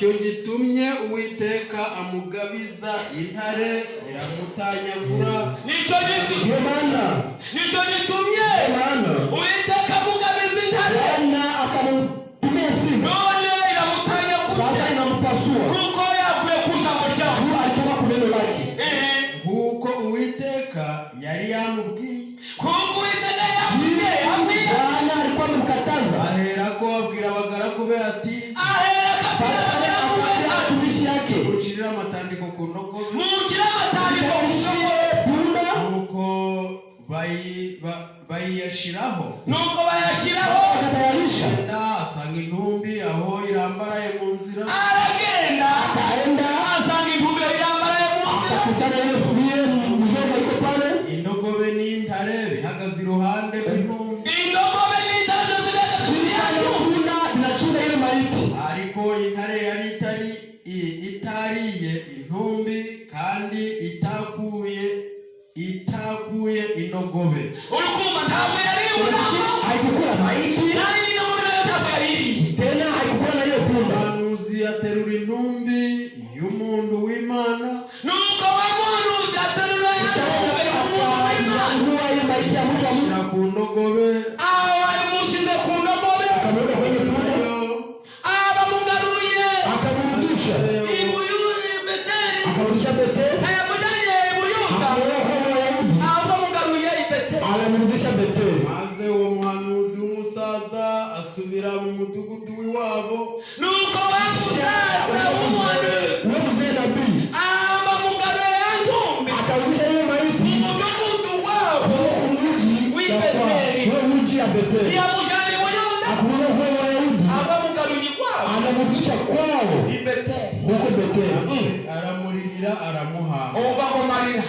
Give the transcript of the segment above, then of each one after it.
icyo gitumye uwiteka amugabiza intare iramutanyagura nicyo gitumye nicyo gitumye uwiteka amugabiza intare mana akamutumye bayashiraho nuko bayashiraho akatayarisha ndafa nk'intumbi aho irambaraye mu nzira bagasubira mu mudugudu w'iwabo nuko bamusaza umwe w'umuzenabi ahamba mugabe yantumbi akarudisha hiyo maiti mu wabo umuji w'ibeteli huo muji ya beteli ya mujani wa yuda akuona wa yuda ahamba mugaruni kwao anamrudisha kwao ibeteli huko beteli mm. aramuririra aramuha oba kumarira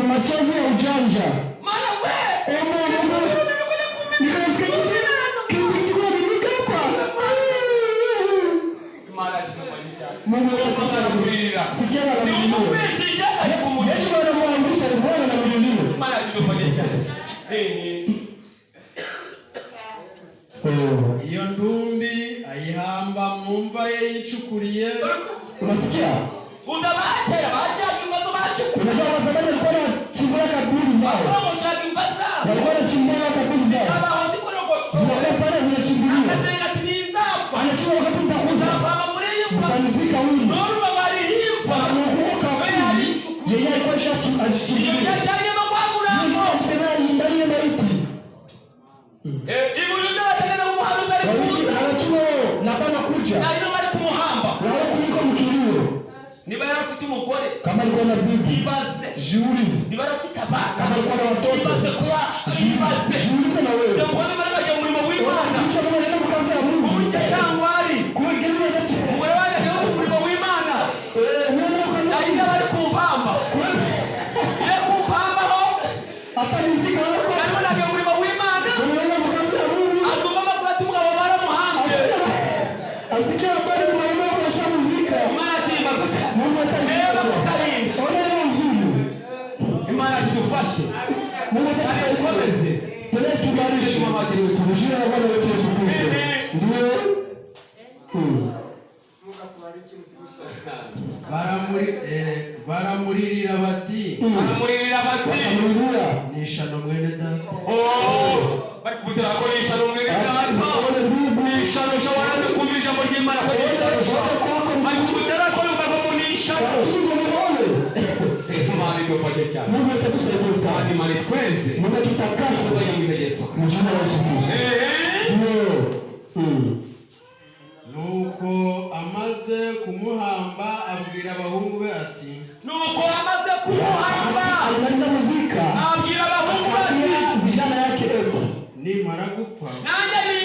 machozi ya ujanja niba yarafite umugore kama alikuwa na bibi ibaze jiulize niba yarafite abana kama alikuwa na watoto ibaze kuba jiulize jiulize na wewe ndio mbona bari bajya murimo w'Imana kuko nenda mu kazi ya Mungu cyangwa mama Yesu, mshindi wa Bwana wetu Yesu Kristo. Ndio baramuririra bati baramuririra bati haleluya ni ishano mwene data oh bari kubutira ko ni ishano mwene data ni ishano shobora kumija mu ry'imana ko ni ishano shobora kumija mu ry'imana ko ni ishano Mungu atakusaidia sana. Mungu akitakasa mjina wa Yesu Kristo. Mm. Nuko amaze kumuhamba abwira abahungu be ati Nuko amaze kumuhamba amaliza muzika abwira abahungu be ati vijana yake epo nimara gupfa nanjye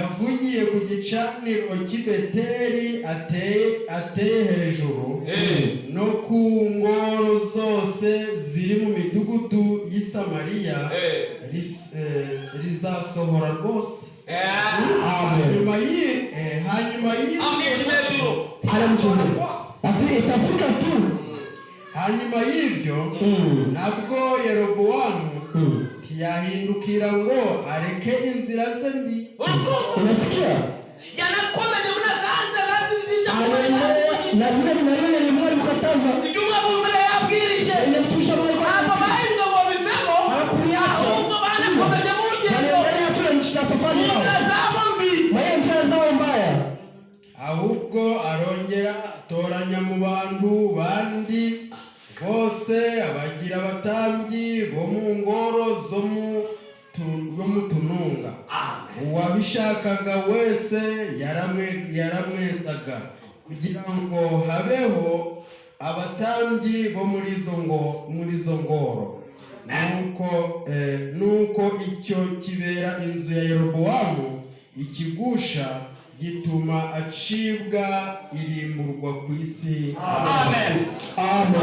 yavugiye ku gicaniro cy'i Beteli ateye hejuru eh. no ku ngoro zose ziri mu midugudu y'i Samariya eh. Eh, rizasohora rwose hanyuma hanyuma y'ibyo mm. nabwo Yerobowamu mm yahindukira ngo areke inzira ze mbi. Unasikia? Ahubwo arongera atoranya mu bantu bandi bose abagira abatambyi bo mu ngoro zo mu tununga uwabishakaga wese yaramwezaga kugira ngo habeho abatambyi bo muri izo ngoro eh, nuko icyo kibera inzu ya yerobowamu ikigusha gituma acibwa irimburwa ku isi amen Amen.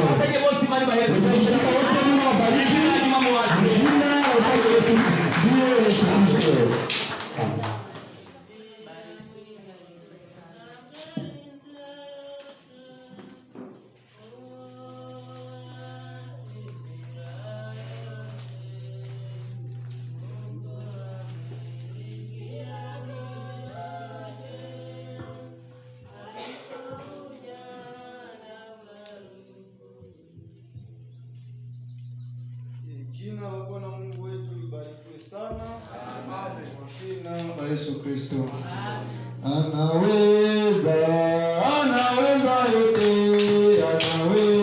Kristo anaweza, anaweza yote, anaweza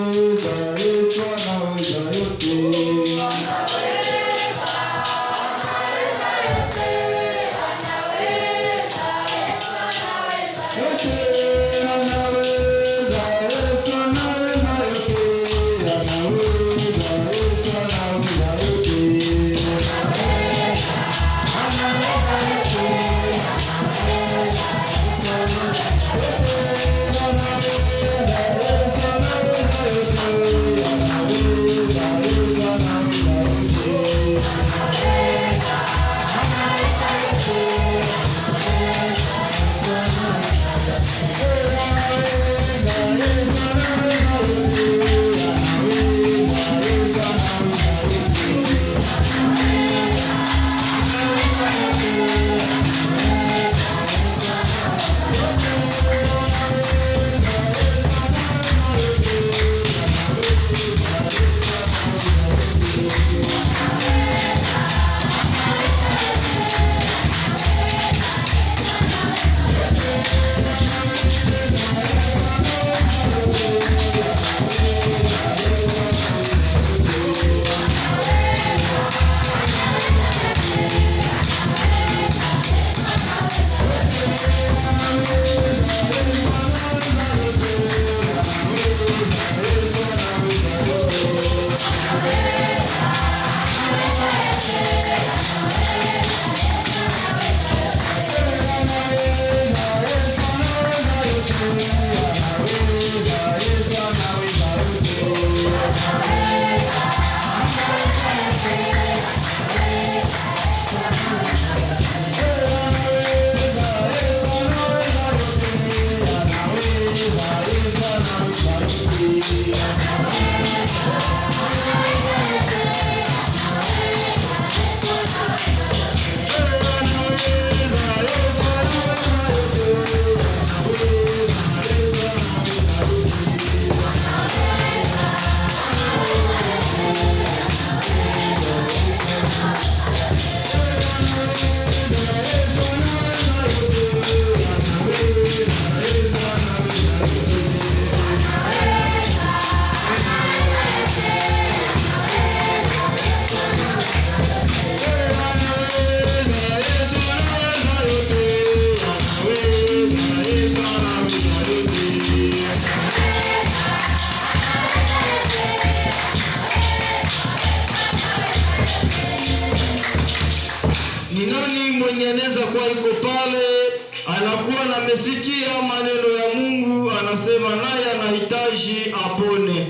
amesikia maneno ya Mungu, anasema naye anahitaji apone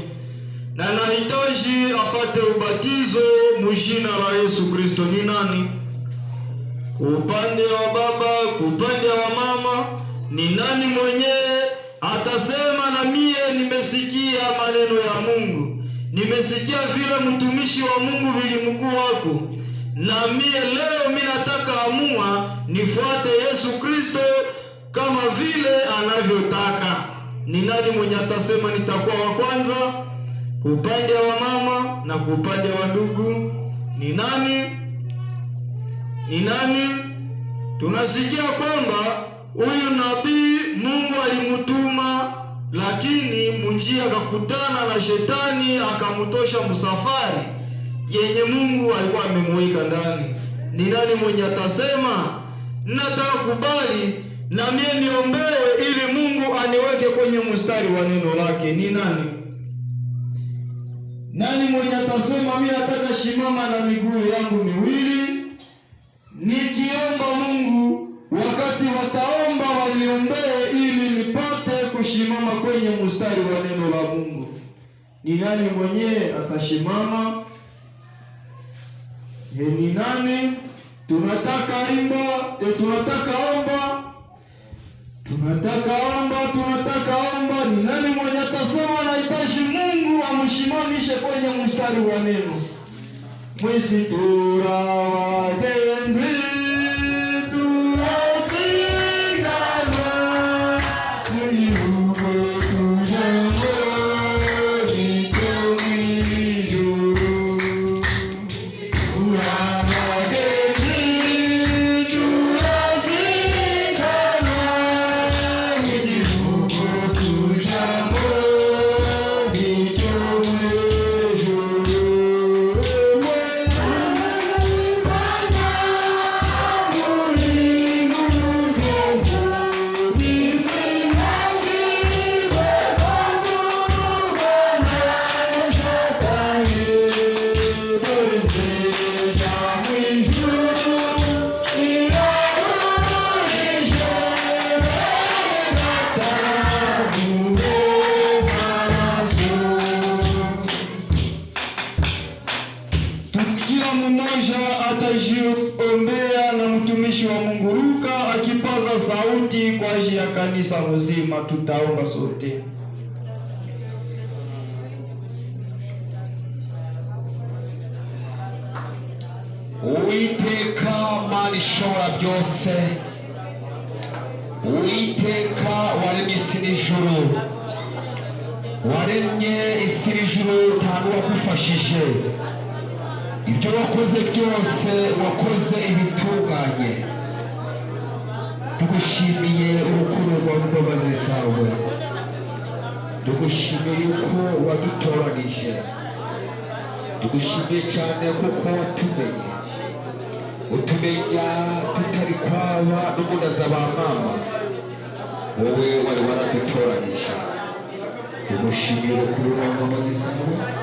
na anahitaji apate ubatizo mujina la Yesu Kristo. Ni nani kwa upande wa baba, kwa upande wa mama, ni nani mwenyewe atasema na mie nimesikia maneno ya Mungu, nimesikia vile mtumishi wa Mungu vilimkuu wako na mie leo mi nataka amua nifuate Yesu Kristo kama vile anavyotaka. Ni nani mwenye atasema nitakuwa wa kwanza kwa upande wa mama na kwa upande wa ndugu? Ni nani? Ni nani? Tunasikia kwamba huyu nabii Mungu alimtuma, lakini munjia akakutana na shetani akamtosha msafari yenye Mungu alikuwa amemweka ndani. Ni nani mwenye atasema nataka kubali na mie niombewe ili Mungu aniweke kwenye mstari wa neno lake. Ni nani nani mwenye atasema mie ataka shimama na miguu yangu miwili nikiomba Mungu, wakati wataomba waliombee ili nipate kushimama kwenye mstari wa neno la Mungu? Ni nani mwenye atashimama? ni nani? Tunataka imba, eh, tunataka omba tunataka omba, tunataka omba. Ni nani mwenye atasema anahitaji Mungu amshimamishe kwenye mstari wa neno? mwisi tura abantu ibyo wakoze byose wakoze ibitunganye tugushimiye urukundo rwa mbabazi zawe tugushimiye yuko wadutoranije tugushimiye cyane kuko watumenye utumenya tutari kwaba n'umunaza ba mama wowe wari waradutoranije tugushimiye urukundo rwa mbabazi zawe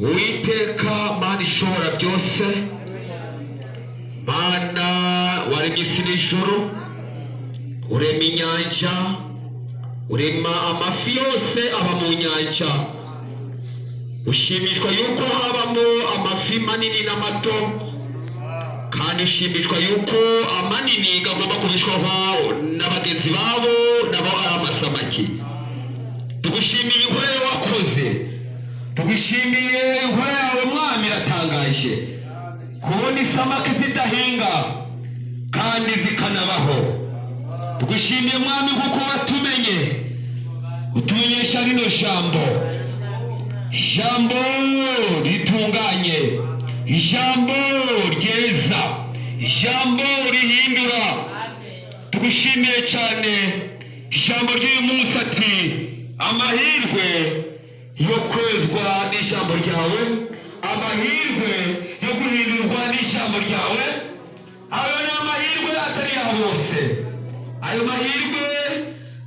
witeka mana ishobora byose mana waremye isi n'ijoro urema inyanja urema amafi yose aba mu nyanja ushimishwa yuko habamo amafi manini n'amato kandi ushimishwa yuko amanini agomba kubishwaho na babo tugushimiye inkuru yawe mwami iratangaje kubona isamake zidahinga kandi zikanabaho tugushimiye mwami kuko watumenye utumenyesha rino jambo ijambo ritunganye ijambo ryeza ijambo rihindura tugushimiye cyane ijambo ry'uyu munsi ati amahirwe yo kwezwa n'ijambo ryawe amahirwe yo guhindurwa n'ishambo ryawe ayo ni amahirwe atari ya bose ayo mahirwe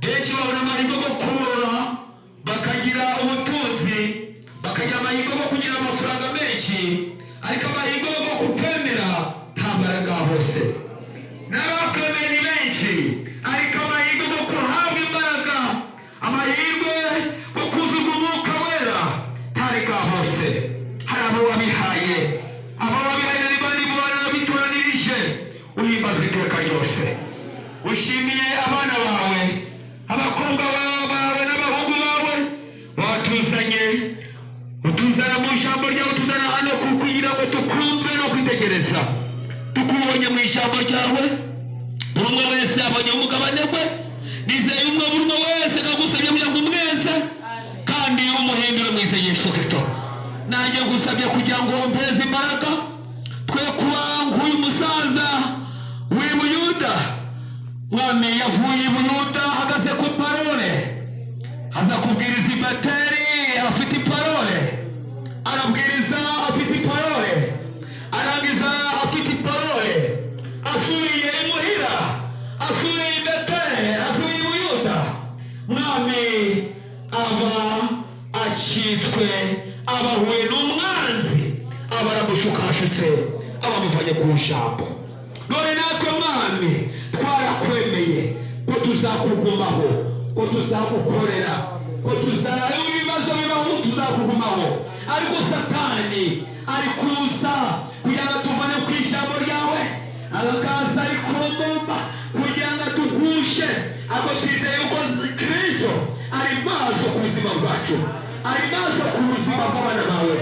benshi babona amahirwe yo kurora bakagira ubutunzi bakagira amahirwe yo kugira amafaranga menshi ariko amahirwe yo kutemera nta mbaraga hose n'abakomeye ni benshi ariko amahirwe yo kuhaha kushako dore natwe mwami twarakwemeye ko tuzakugumaho ko tuzakukorera ko tuzayo ibibazo bibaho tuzakugumaho ariko satani ari kuza kugira ngo tuvane ku ijambo ryawe akaza ari kumumba kugira ngo atugushe ako twizeye yuko kristo ari maso ku buzima bwacu ari maso ku buzima bw'abana bawe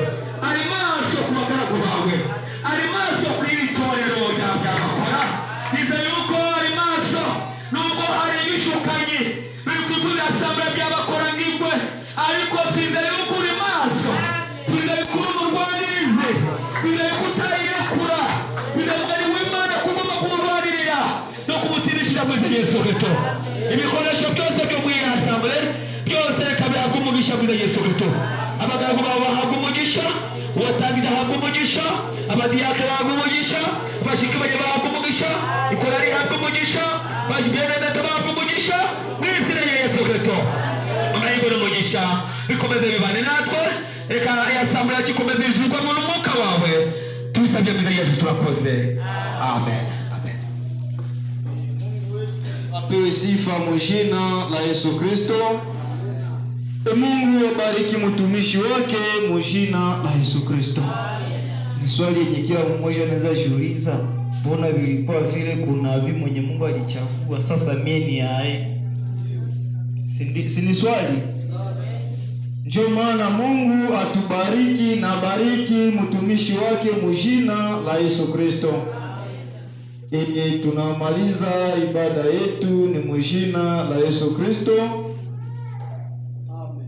kudasambabya abakorangibwe ariko sinda yuko maso sinda yuko uri umurwanirize sinda yuko utayirekura bidagari w'imana kugomba kumurwanirira no kumutirishira mu yesu kristo ibikoresho byose byo mu asambure byose reka bihabwe umugisha muri yesu kristo abagaragu bawe bahabwa umugisha uwatangira ahabwa umugisha abadiyake bahabwa umugisha abashiki bajya yesu turakoze amen wapewe sifa mujina la yesu kristo e mungu abariki mtumishi wake mujina la yesu kristo ni swali yenye kila mmoja anaweza jiuliza mbona vilikuwa vile kuna vi mwenye mungu alichagua sasa mie ni aye si ni swali ndio maana Mungu atubariki na bariki mtumishi wake mujina la Yesu Kristo. Ee, tunamaliza ibada yetu ni mujina la Yesu Kristo. Amen.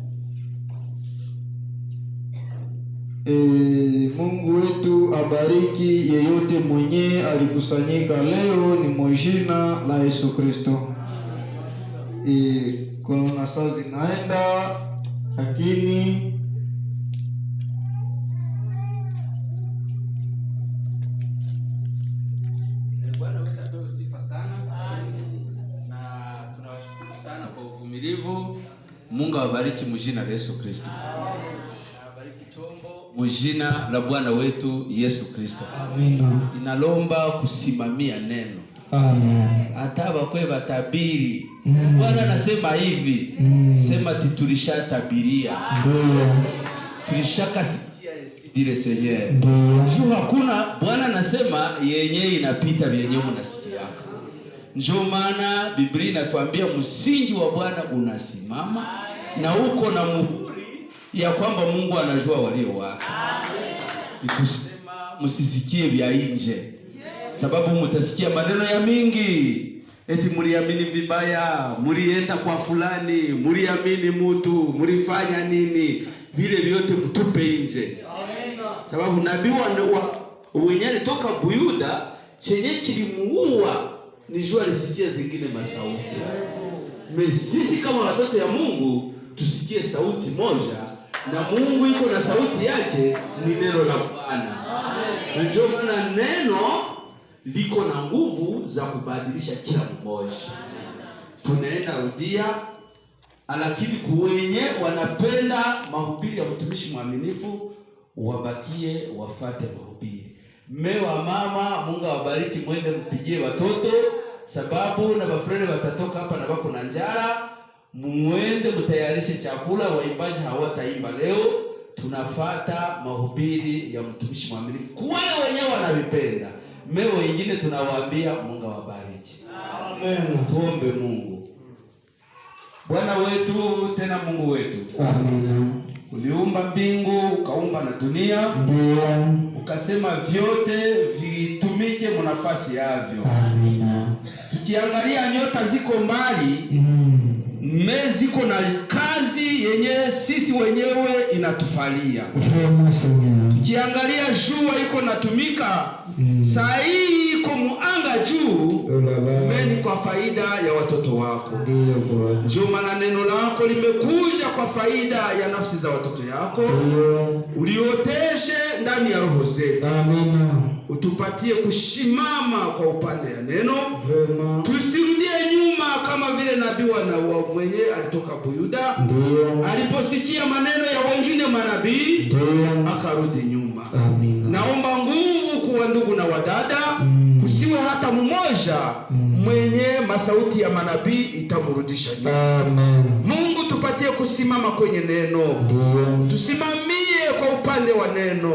E, Mungu wetu abariki yeyote mwenye alikusanyika leo ni mujina la Yesu Kristo. Ee, kuna saa zinaenda lakini uvumilivu. Mungu awabariki mujina la Yesu Kristo, mujina la Bwana wetu Yesu Kristo. Amen. Inalomba kusimamia neno hata wakwe batabiri Bwana anasema hivi, sema tulishatabiria, tulishakasikia zile zenyewe. Ndio hakuna Bwana anasema yenye inapita vyenyewe mnasikiaka. Ndio maana Biblia inatwambia msingi wa Bwana unasimama na uko na muhuri ya kwamba Mungu anajua walio wake. ikusema msisikie vya nje sababu mtasikia maneno ya mingi eti mliamini vibaya, mlienda kwa fulani, mliamini mutu, mlifanya nini? Vile vyote mtupe nje, sababu nabii wenyewe toka Buyuda chenye kilimuua ni jua lisikie zingine masauti. Sisi kama watoto ya Mungu tusikie sauti moja, na Mungu iko na sauti yake, ni neno la Bwana, na ndio maana neno liko na nguvu za kubadilisha kila mmoja. Tunaenda rudia, lakini kuwenye wanapenda mahubiri ya mtumishi mwaminifu wabakie wafate mahubiri. wa mama, Mungu awabariki, mwende mpigie watoto, sababu na bafurere watatoka hapa na bako na njara. Muende mtayarishe chakula. Waimbaji hawataimba leo, tunafata mahubiri ya mtumishi mwaminifu. Kwa wenyewe wanavipenda Leo wengine tunawaambia Mungu awabariki. Amen. Tuombe Mungu. Bwana wetu tena Mungu wetu. Amen. Uliumba mbingu, ukaumba na dunia. Ndio. Ukasema vyote vitumike munafasi yavyo. Amen. Tukiangalia nyota ziko mbali, mm. Me ziko na kazi yenye sisi wenyewe inatufalia. Tukiangalia jua iko natumika mm. Saa hii iko muanga juu meni kwa faida ya watoto wako, ndio maana neno lako limekuja kwa faida ya nafsi za watoto yako, ulioteshe ndani ya roho zetu, utupatie kushimama kwa upande ya neno, tusirudie nyuma kama vile nabii wa mwenye alitoka Buyuda, aliposikia maneno ya wengine manabii akarudi nyuma. Amina. Naomba nguvu Wapendwa ndugu na wadada, mm. usiwe hata mmoja mm. mwenye masauti ya manabii itamurudisha nyuma. Mungu tupatie kusimama kwenye neno, tusimamie upande wa neno.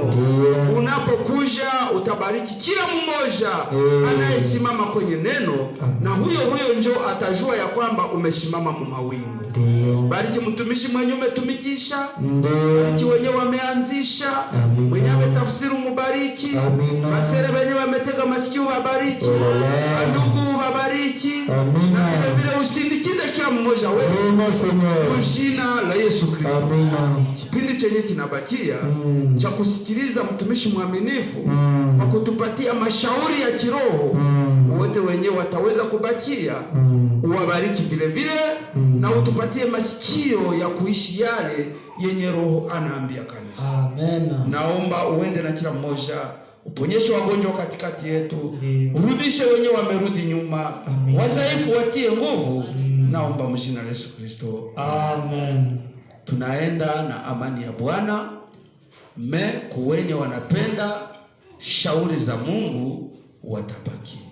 Unapokuja utabariki kila mmoja anayesimama kwenye neno, na huyo huyo njo atajua ya kwamba umesimama mumawingu. Bariki mtumishi mwenye umetumikisha, bariki wenye wameanzisha, mwenye ametafsiri mubariki, masere wenye wametega masikio wabariki, ndugu wabariki, na vile vile usindikize kila mmoja wewe, kwa jina la Yesu Kristo. Kipindi chenye kinabakia mm. cha kusikiliza mtumishi mwaminifu mm. kwa kutupatia mashauri ya kiroho mm. wote wenyewe wataweza kubakia mm. uwabariki vile vile mm. na utupatie masikio ya kuishi yale yenye Roho anaambia kanisa. Amen. Naomba uende na kila mmoja uponyeshe wagonjwa katikati yetu, urudishe wenye wamerudi nyuma, wazaifu watie nguvu. Naomba mjina la Yesu Kristo, amen. Tunaenda na amani ya Bwana me kuwenye wanapenda shauri za Mungu watabakia.